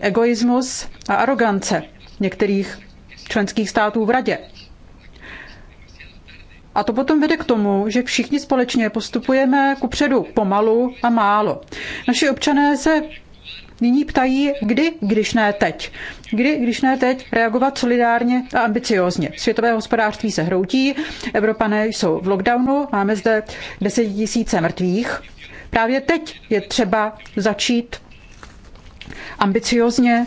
egoismus a arogance některých členských států v radě. A to potom vede k tomu, že všichni společně postupujeme ku předu pomalu a málo. Naši občané se nyní ptají, kdy, když ne teď. Kdy, když ne teď, reagovat solidárně a ambiciozně. Světové hospodářství se hroutí, Evropané jsou v lockdownu, máme zde 10 tisíce mrtvých. Právě teď je třeba začít ambiciozně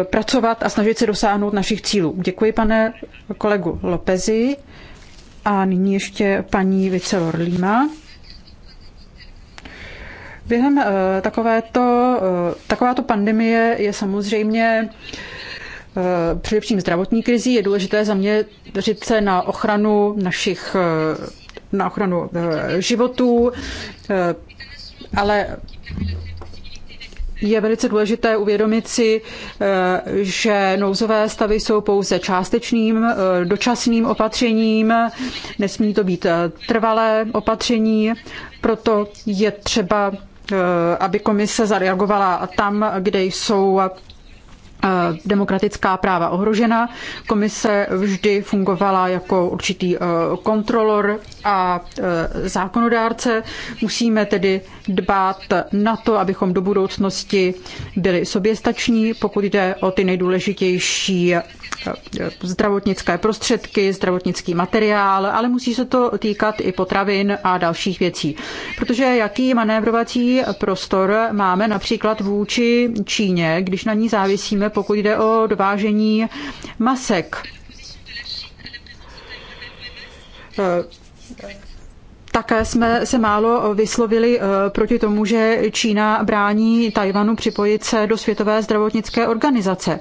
eh, pracovat a snažit se dosáhnout našich cílů. Děkuji, pane kolegu Lopezi. A nyní ještě paní Vicelor Lima. Během eh, takovéto, eh, takováto pandemie je samozřejmě především zdravotní krizí. Je důležité zaměřit se na ochranu našich na ochranu životů, ale je velice důležité uvědomit si, eh, že nouzové stavy jsou pouze částečným, eh, dočasným opatřením, nesmí to být eh, trvalé opatření, proto je třeba, aby komise zareagovala tam, kde jsou Eh, demokratická práva ohrožena. Komise vždy fungovala jako určitý eh, kontrolor a eh, zákonodárce. Musíme tedy dbát na to, abychom do budoucnosti byli soběstační, pokud jde o ty nejdůležitější zdravotnické prostředky, zdravotnický materiál, ale musí se to týkat i potravin a dalších věcí. Protože jaký manévrovací prostor máme například vůči Číně, když na ní závisíme pokud jde o dovážení masek. Také jsme se málo vyslovili eh, proti tomu, že Čína brání Tajvanu připojit se do Světové zdravotnické organizace.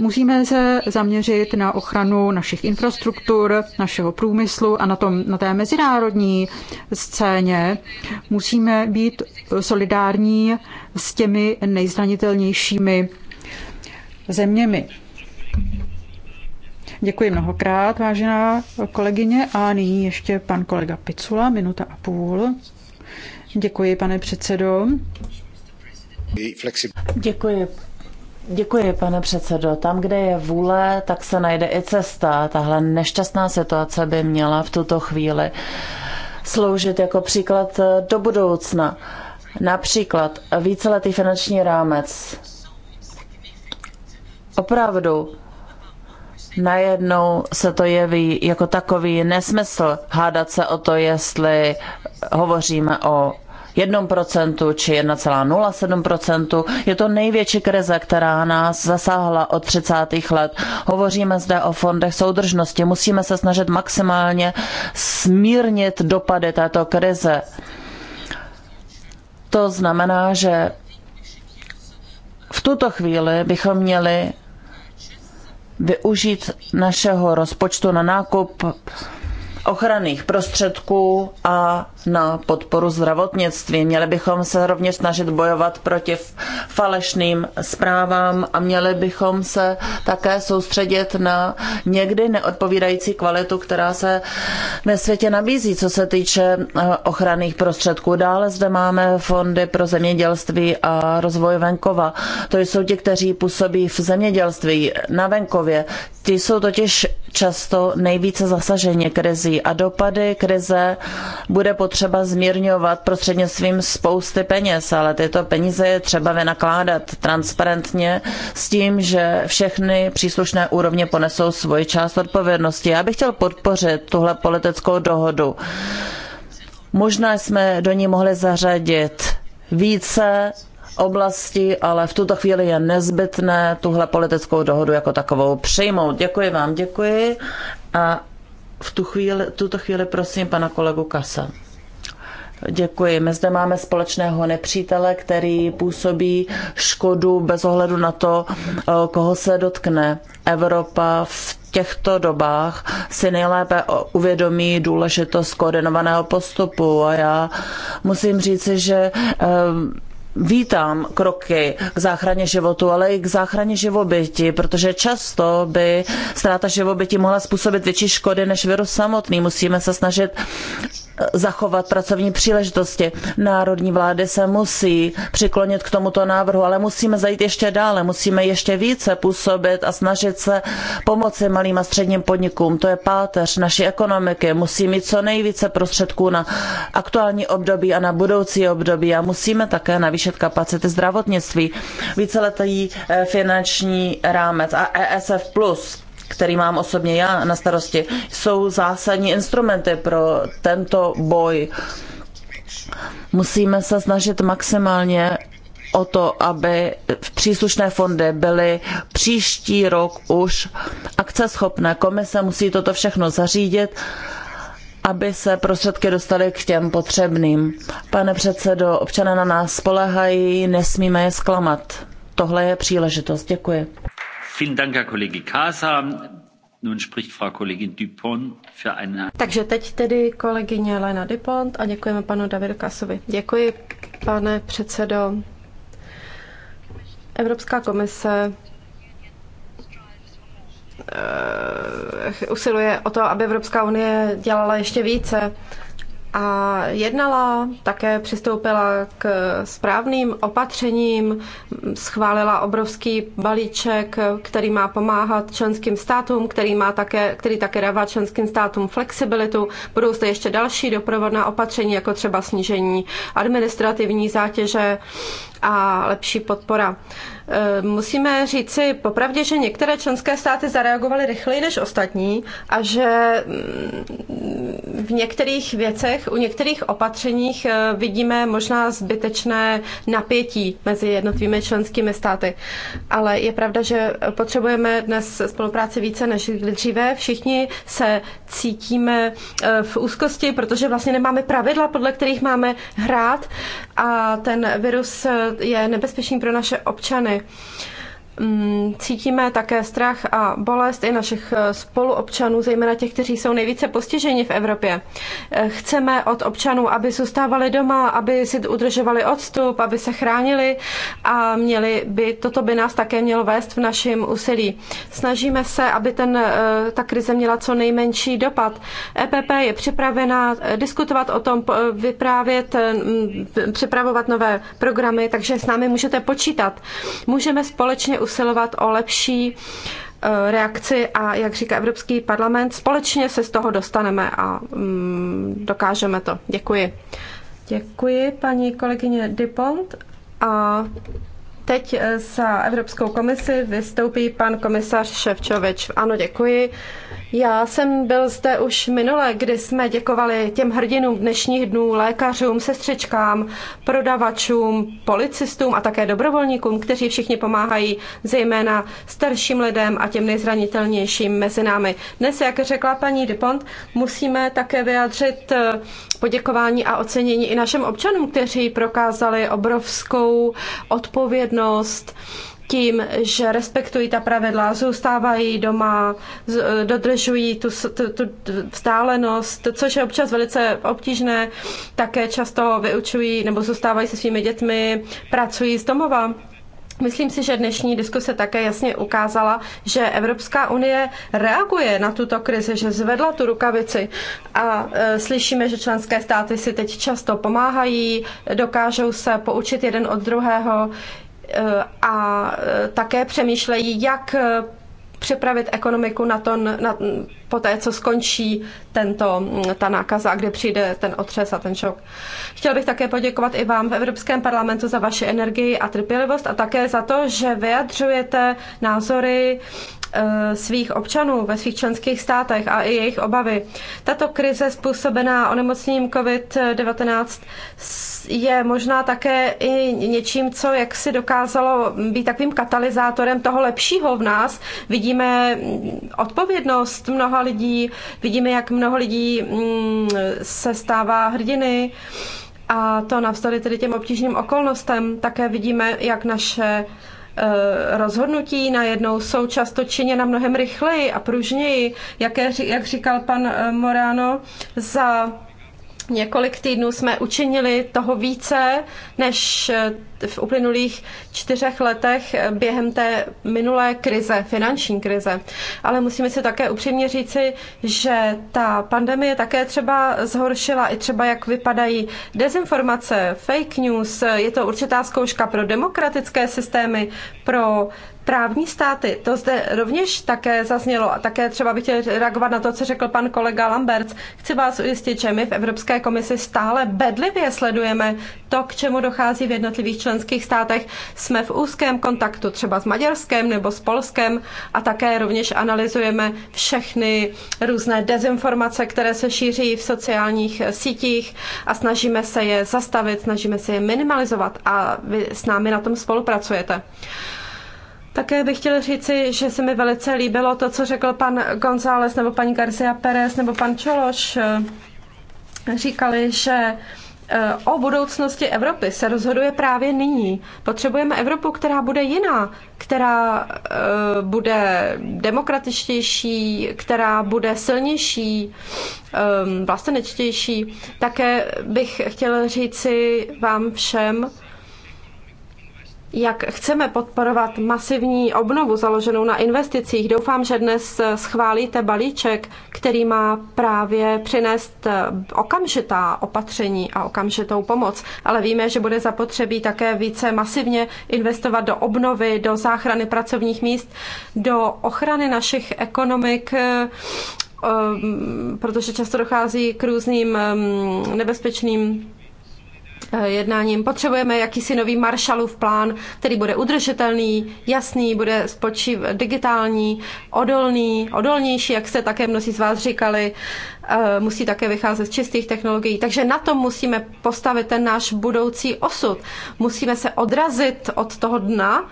Musíme se zaměřit na ochranu našich infrastruktur, našeho průmyslu a na, tom, na té mezinárodní scéně. Musíme být solidární s těmi nejzranitelnějšími zeměmi. Děkuji mnohokrát, vážená kolegyně. A nyní ještě pan kolega Picula, minuta a půl. Děkuji, pane předsedo. Děkuji. Děkuji, pane předsedo. Tam, kde je vůle, tak se najde i cesta. Tahle nešťastná situace by měla v tuto chvíli sloužit jako příklad do budoucna. Například víceletý finanční rámec opravdu najednou se to jeví jako takový nesmysl hádat se o to, jestli hovoříme o 1% či 1,07%. Je to největší krize, která nás zasáhla od 30. let. Hovoříme zde o fondech soudržnosti. Musíme se snažit maximálně smírnit dopady této krize. To znamená, že v tuto chvíli bychom měli využít našeho rozpočtu na nákup ochranných prostředků a na podporu zdravotnictví. Měli bychom se rovněž snažit bojovat proti falešným zprávám a měli bychom se také soustředit na někdy neodpovídající kvalitu, která se ve světě nabízí, co se týče eh, ochranných prostředků. Dále zde máme fondy pro zemědělství a rozvoj venkova. To jsou ti, kteří působí v zemědělství na venkově. Ti jsou totiž často nejvíce zasaženi krizí a dopady krize bude potřeba zmírňovat prostřednictvím spousty peněz, ale tyto peníze je třeba vynakládat transparentně s tím, že všechny příslušné úrovně ponesou svoji část odpovědnosti. Já bych chtěl podpořit tuhle politickou dohodu. Možná jsme do ní mohli zařadit více oblasti, ale v tuto chvíli je nezbytné tuhle politickou dohodu jako takovou přejmout. Děkuji vám, děkuji. A v tu chvíli, tuto chvíli prosím pana kolegu Kasa. Děkuji. My zde máme společného nepřítele, který působí škodu bez ohledu na to, koho se dotkne. Evropa v těchto dobách si nejlépe uvědomí důležitost koordinovaného postupu a já musím říci, že vítám kroky k záchraně životu, ale i k záchraně živobytí, protože často by ztráta živobytí mohla způsobit větší škody než virus samotný. Musíme se snažit zachovat pracovní příležitosti. Národní vlády se musí přiklonit k tomuto návrhu, ale musíme zajít ještě dále, musíme ještě více působit a snažit se pomoci malým a středním podnikům. To je páteř naší ekonomiky. Musí mít co nejvíce prostředků na aktuální období a na budoucí období a musíme také navýšit kapacity zdravotnictví. Víceletý eh, finanční rámec a ESF+. Plus který mám osobně já na starosti, jsou zásadní instrumenty pro tento boj. Musíme se snažit maximálně o to, aby příslušné fondy byly příští rok už akceschopné. Komise musí toto všechno zařídit, aby se prostředky dostaly k těm potřebným. Pane předsedo, občané na nás spolehají, nesmíme je zklamat. Tohle je příležitost. Děkuji. Takže teď tedy kolegyně Lena Dupont a děkujeme panu Davidu Kasovi. Děkuji, pane předsedo. Evropská komise eh, usiluje o to, aby Evropská unie dělala ještě více a jednala, také přistoupila k správným opatřením, schválila obrovský balíček, který má pomáhat členským státům, který, má také, který také dává členským státům flexibilitu. Budou zde ještě další doprovodná opatření, jako třeba snížení administrativní zátěže a lepší podpora. Eh, musíme říci popravdě, že některé členské státy zareagovaly rychleji než ostatní a že mm, v některých věcech, u některých opatřeních eh, vidíme možná zbytečné napětí mezi jednotlivými členskými státy. Ale je pravda, že potřebujeme dnes spolupráci více než dříve. Všichni se cítíme eh, v úzkosti, protože vlastně nemáme pravidla, podle kterých máme hrát a ten virus je nebezpečný pro naše občany. Mm, cítíme také strach a bolest i našich eh, spoluobčanů, zejména těch, kteří jsou nejvíce postiženi v Evropě. Eh, chceme od občanů, aby zůstávali doma, aby si udržovali odstup, aby se chránili a měli by, toto by nás také mělo vést v našem úsilí. Snažíme se, aby ten, eh, ta krize měla co nejmenší dopad. EPP je připravena diskutovat o tom, vyprávět, připravovat nové programy, takže s námi můžete počítat. Můžeme společně usilovat o lepší eh, reakci a, jak říká Evropský parlament, společně se z toho dostaneme a mm, dokážeme to. Děkuji. Děkuji, paní kolegyně Dipont. A Teď eh, za Evropskou komisi vystoupí pan komisař Ševčovič. Ano, děkuji. Já jsem byl zde už minule, kdy jsme děkovali těm hrdinům dnešních dnů, lékařům, sestřičkám, prodavačům, policistům a také dobrovolníkům, kteří všichni pomáhají, zejména starším lidem a těm nejzranitelnějším mezi námi. Dnes, jak řekla paní Dupont, musíme také vyjádřit eh, poděkování a ocenění i našim občanům, kteří prokázali obrovskou odpovědnost odpovědnost tím, že respektují ta pravidla, zůstávají doma, eh, dodržují tu, tu, tu vzdálenost, což je občas velice obtížné. Také často vyučují nebo zůstávají se svými dětmi, pracují z domova. Myslím si, že dnešní diskuse také jasně ukázala, že Evropská unie reaguje na tuto krizi, že zvedla tu rukavici a e, slyšíme, že členské státy si teď často pomáhají, dokážou se poučit jeden od druhého. Eh, a eh, také přemýšlejí, jak eh, přepravit ekonomiku na to, na, po té, co skončí tento, mm, ta nákaza, kde přijde ten otřes a ten šok. Chtěl bych také poděkovat i vám v Evropském parlamentu za vaši energii a trpělivost a také za to, že vyjadřujete názory svých občanů ve svých členských státech a i jejich obavy. Tato krize způsobená onemocněním COVID-19 je možná také i něčím, co jak si dokázalo být takovým katalyzátorem toho lepšího v nás. Vidíme mm, odpovědnost mnoha lidí, vidíme, jak mnoho lidí mm, se stává hrdiny a to navzdory tedy těm obtížným okolnostem. Také vidíme, jak naše eh, rozhodnutí najednou jsou často činěna mnohem rychleji a pružněji, jak, je, jak říkal pan eh, Morano, za několik týdnů jsme učinili toho více než eh, v uplynulých čtyřech letech eh, během té minulé krize, finanční krize. Ale musíme si také upřímně říci, že ta pandemie také třeba zhoršila i třeba jak vypadají dezinformace, fake news, je to určitá zkouška pro demokratické systémy, pro Právní státy, to zde rovněž také zaznělo a také třeba bych chtěl reagovat na to, co řekl pan kolega Lamberts. Chci vás ujistit, že my v Evropské komisi stále bedlivě sledujeme to, k čemu dochází v jednotlivých členských státech. Jsme v úzkém kontaktu třeba s Maďarskem nebo s Polskem a také rovněž analyzujeme všechny různé dezinformace, které se šíří v sociálních sítích a snažíme se je zastavit, snažíme se je minimalizovat a vy s námi na tom spolupracujete. Také bych chtěl říci, že se mi velice líbilo to, co řekl pan González nebo paní Garcia Pérez nebo pan Čološ. Říkali, že e, o budoucnosti Evropy se rozhoduje právě nyní. Potřebujeme Evropu, která bude jiná, která e, bude demokratičtější, která bude silnější, e, vlastenečtější. Také bych chtěl říci vám všem, jak chceme podporovat masivní obnovu založenou na investicích. Doufám, že dnes schválíte balíček, který má právě přinést eh, okamžitá opatření a okamžitou pomoc, ale víme, že bude zapotřebí také více masivně investovat do obnovy, do záchrany pracovních míst, do ochrany našich ekonomik, eh, eh, protože často dochází k různým nebezpečným Eh, jednáním. Potřebujeme jakýsi nový Marshallův plán, který bude udržitelný, jasný, bude spočív digitální, odolný, odolnější, jak jste také mnozí z vás říkali, eh, musí také vycházet z čistých technologií. Takže na tom musíme postavit ten náš budoucí osud. Musíme se odrazit od toho dna,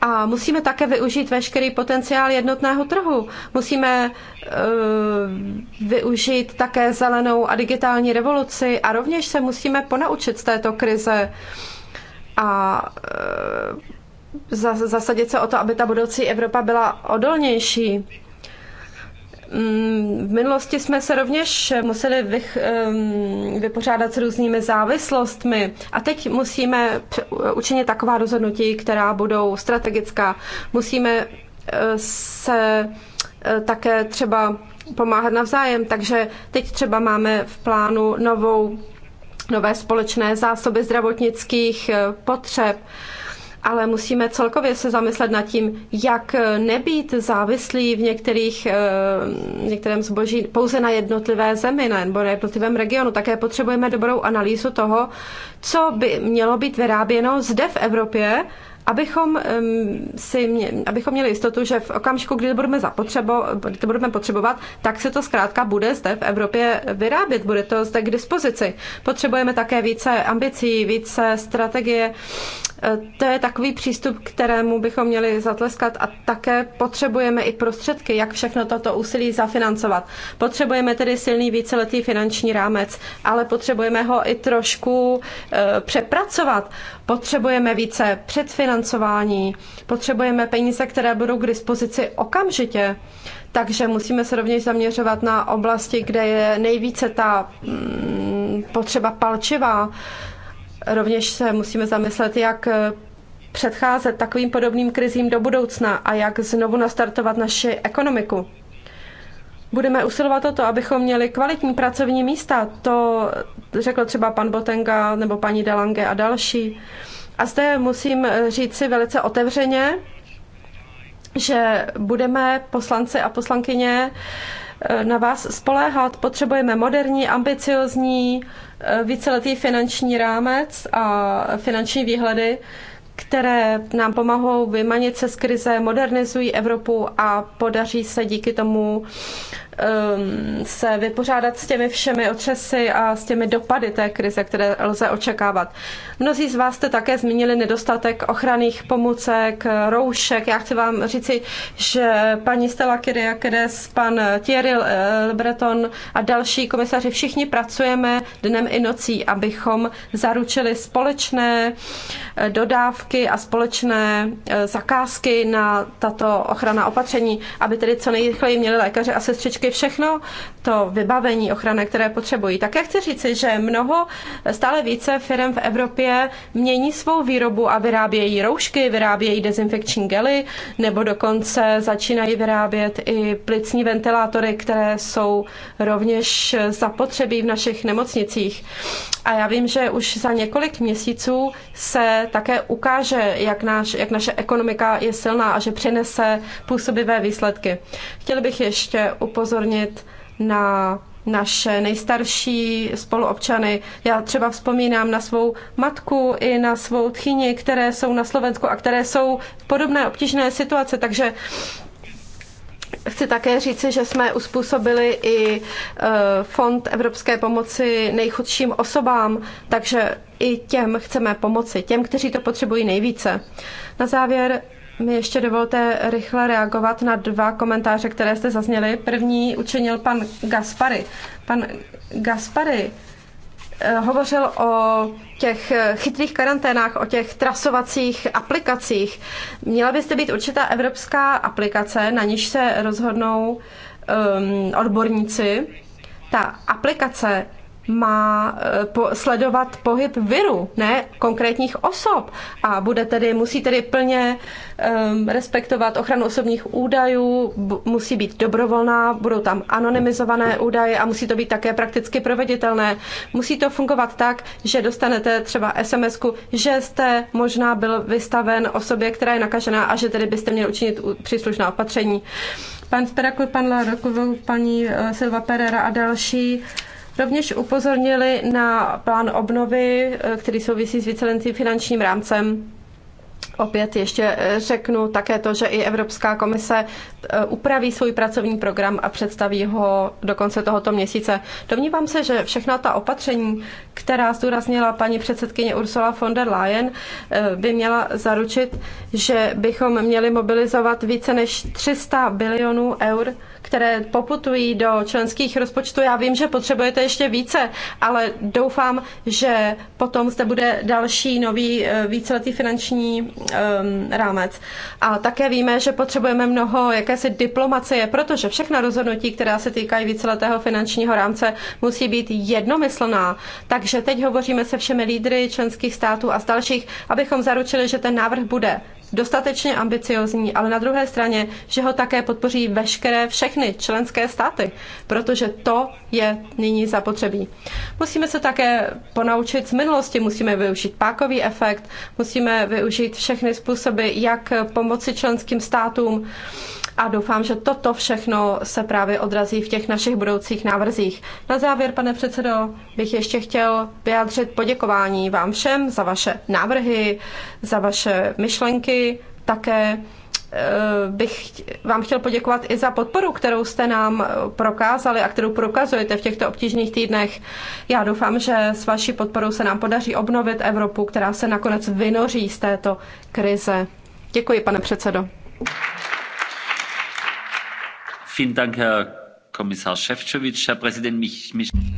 a musíme také využít veškerý potenciál jednotného trhu. Musíme e, využít také zelenou a digitální revoluci a rovněž se musíme ponaučit z této krize a e, zasadit se o to, aby ta budoucí Evropa byla odolnější. Mm, v minulosti jsme se rovněž museli vych, vypořádat s různými závislostmi a teď musíme učinit taková rozhodnutí, která budou strategická. Musíme e, se e, také třeba pomáhat navzájem, takže teď třeba máme v plánu novou, nové společné zásoby zdravotnických e, potřeb ale musíme celkově se zamyslet nad tím, jak eh, nebýt závislí v některých, eh, v některém zboží pouze na jednotlivé zemi nebo na jednotlivém regionu. Také potřebujeme dobrou analýzu toho, co by mělo být vyráběno zde v Evropě, abychom, si, abychom měli jistotu, že v okamžiku, kdy to, budeme zapotřebo, kdy to budeme potřebovat, tak se to zkrátka bude zde v Evropě vyrábět, bude to zde k dispozici. Potřebujeme také více ambicí, více strategie to je takový přístup, kterému bychom měli zatleskat a také potřebujeme i prostředky, jak všechno toto úsilí zafinancovat. Potřebujeme tedy silný víceletý finanční rámec, ale potřebujeme ho i trošku eh, přepracovat. Potřebujeme více předfinancování, potřebujeme peníze, které budou k dispozici okamžitě. Takže musíme se rovněž zaměřovat na oblasti, kde je nejvíce ta mm, potřeba palčivá Rovněž se musíme zamyslet, jak eh, předcházet takovým podobným krizím do budoucna a jak znovu nastartovat naši ekonomiku. Budeme usilovat o to, abychom měli kvalitní pracovní místa. To řekl třeba pan Botenga nebo paní Delange a další. A zde musím eh, říct si velice otevřeně, že budeme poslanci a poslankyně eh, na vás spoléhat. Potřebujeme moderní, ambiciozní, Eh, víceletý finanční rámec a finanční výhledy, které nám pomohou vymanit se z krize, modernizují Evropu a podaří se díky tomu Um, se vypořádat s těmi všemi otřesy a s těmi dopady té krize, které lze očekávat. Mnozí z vás jste také zmínili nedostatek ochranných pomůcek, roušek. Já chci vám říci, že paní Stella Kyriakides, pan Thierry eh, Breton a další komisaři, všichni pracujeme dnem i nocí, abychom zaručili společné eh, dodávky a společné eh, zakázky na tato ochrana opatření, aby tedy co nejrychleji měli lékaři a sestřičky všechno to vybavení ochrany, které potřebují. Také chci říci, že mnoho, stále více firm v Evropě mění svou výrobu a vyrábějí roušky, vyrábějí dezinfekční gely, nebo dokonce začínají vyrábět i plicní ventilátory, které jsou rovněž zapotřebí v našich nemocnicích. A já vím, že už za několik měsíců se také ukáže, jak, náš, jak naše ekonomika je silná a že přinese působivé výsledky. Chtěl bych ještě upozornit, upozornit na naše nejstarší spoluobčany. Já třeba vzpomínám na svou matku i na svou tchyni, které jsou na Slovensku a které jsou v podobné obtížné situace, takže Chci také říci, že jsme uspůsobili i e, fond evropské pomoci nejchudším osobám, takže i těm chceme pomoci, těm, kteří to potřebují nejvíce. Na závěr mi ještě dovolte rychle reagovat na dva komentáře, které jste zazněli. První učinil pan Gaspary. Pan Gaspary eh, hovořil o těch eh, chytrých karanténách, o těch trasovacích aplikacích. Měla byste být určitá evropská aplikace, na níž se rozhodnou um, odborníci. Ta aplikace má eh, sledovat pohyb viru, ne konkrétních osob. A bude tedy, musí tedy plně um, respektovat ochranu osobních údajů, musí být dobrovolná, budou tam anonymizované údaje a musí to být také prakticky proveditelné. Musí to fungovat tak, že dostanete třeba sms že jste možná byl vystaven osobě, která je nakažená a že tedy byste měli učinit příslušná opatření. Pan Sperakul, pan Larokov, paní eh, Silva Pereira a další Rovněž upozornili na plán obnovy, eh, který souvisí s víceleným finančním rámcem. Opět ještě eh, řeknu také to, že i Evropská komise eh, upraví svůj pracovní program a představí ho do konce tohoto měsíce. Domnívám se, že všechna ta opatření, která zdůraznila paní předsedkyně Ursula von der Leyen, by měla zaručit, že bychom měli mobilizovat více než 300 bilionů eur, které poputují do členských rozpočtů. Já vím, že potřebujete ještě více, ale doufám, že potom zde bude další nový eh, víceletý finanční um, rámec. A také víme, že potřebujeme mnoho jakési diplomacie, protože všechna rozhodnutí, která se týkají víceletého finančního rámce, musí být jednomyslná. Takže teď hovoříme se všemi lídry členských států a z dalších, abychom zaručili, že ten návrh bude dostatečně ambiciozní, ale na druhé straně, že ho také podpoří veškeré všechny členské státy, protože to je nyní zapotřebí. Musíme se také ponaučit z minulosti, musíme využít pákový efekt, musíme využít všechny způsoby, jak pomoci členským státům a doufám, že toto všechno se právě odrazí v těch našich budoucích návrzích. Na závěr, pane předsedo, bych ještě chtěl vyjádřit poděkování vám všem za vaše návrhy, za vaše myšlenky, také eh, bych vám chtěl poděkovat i za podporu, kterou jste nám eh, prokázali a kterou prokazujete v těchto obtížných týdnech. Já doufám, že s vaší podporou se nám podaří obnovit Evropu, která se nakonec vynoří z této krize. Děkuji, pane předsedo.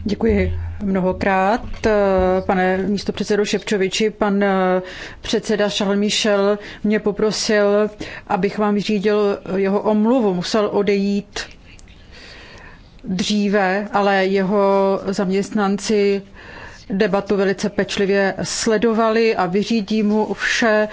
Děkuji mnohokrát, pane místopředsedo Ševčoviči. Pan eh, předseda Charles Michel mě poprosil, abych vám vyřídil jeho omluvu. Musel odejít dříve, ale jeho zaměstnanci debatu velice pečlivě sledovali a vyřídí mu vše.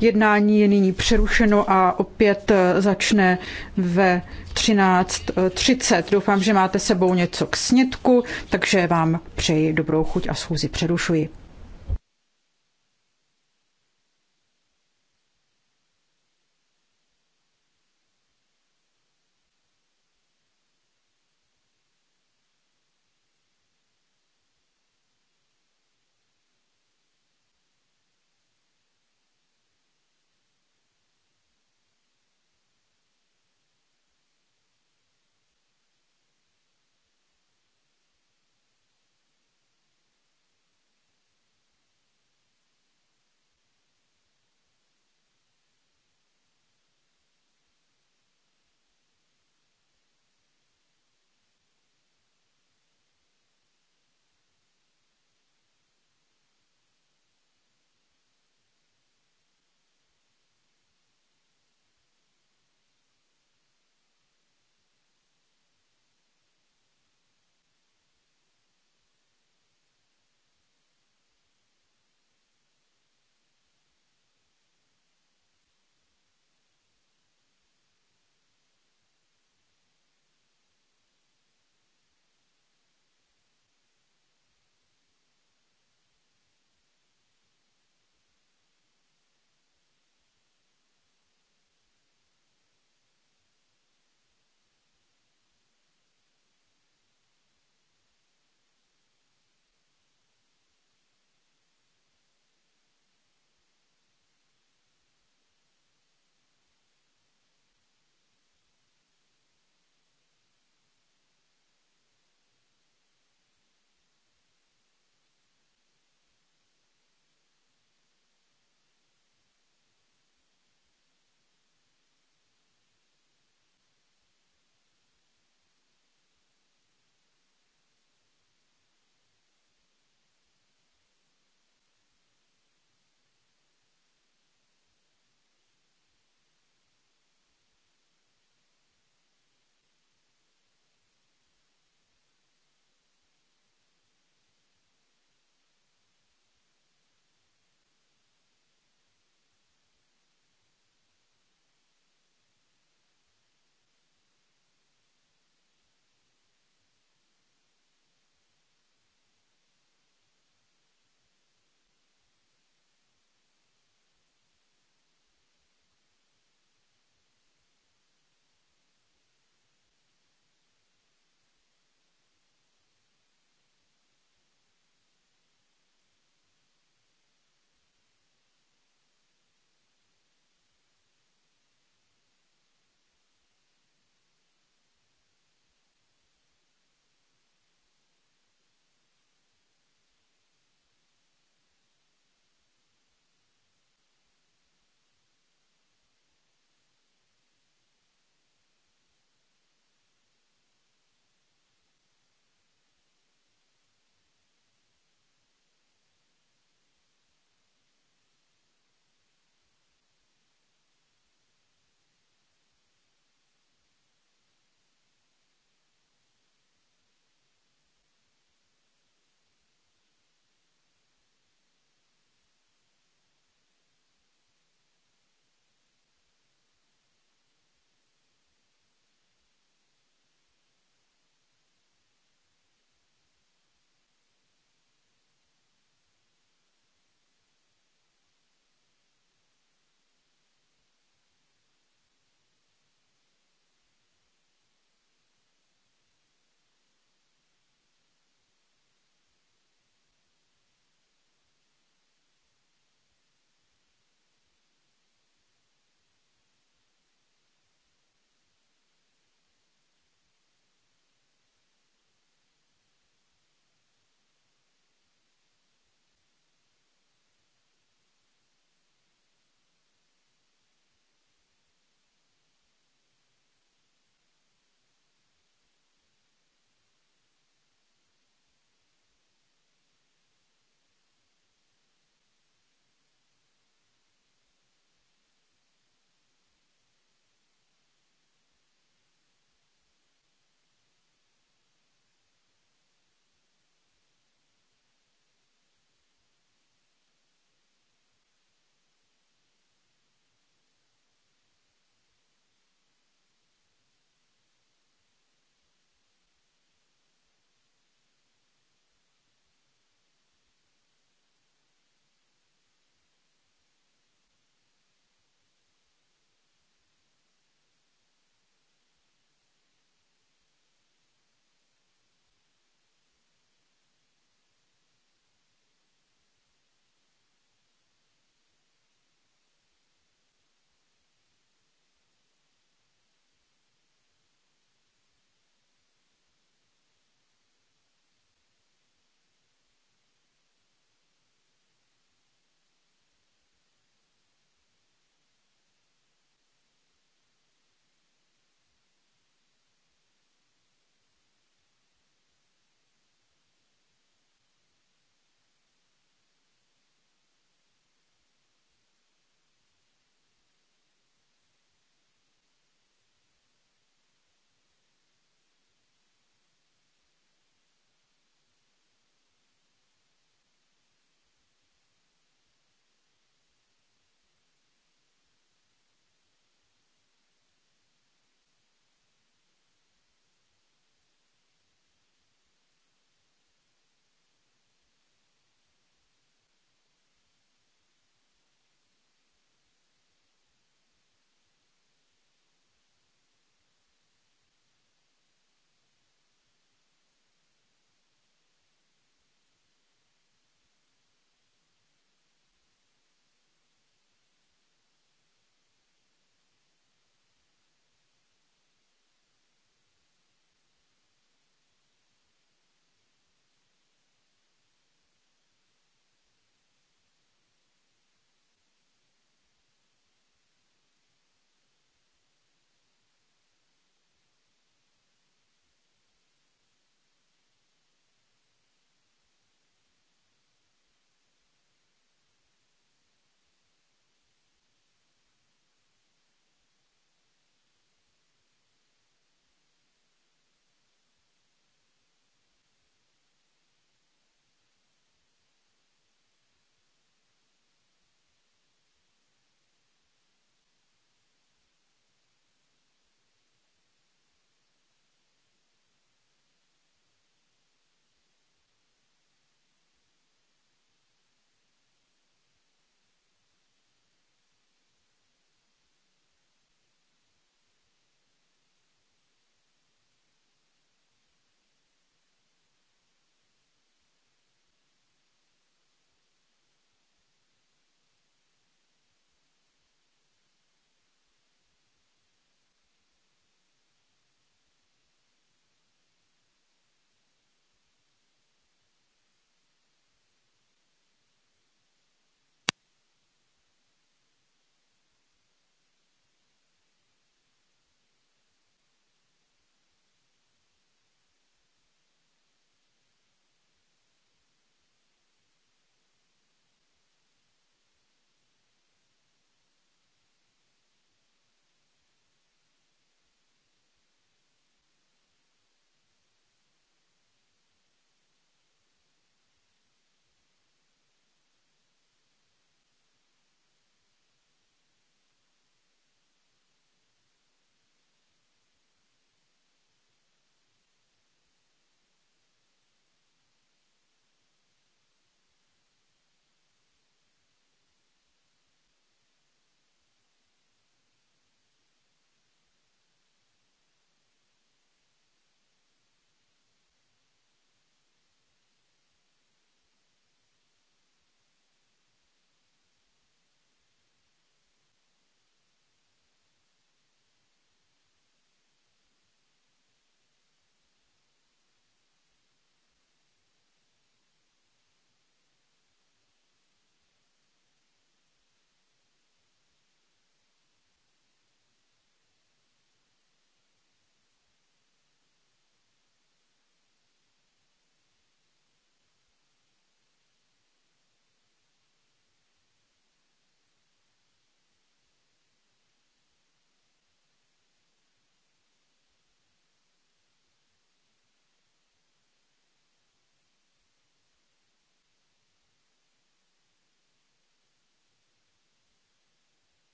Jednání je nyní přerušeno a opět začne ve 13.30. Eh, Doufám, že máte sebou něco k snědku, takže vám přeji dobrou chuť a schůzi přerušuji.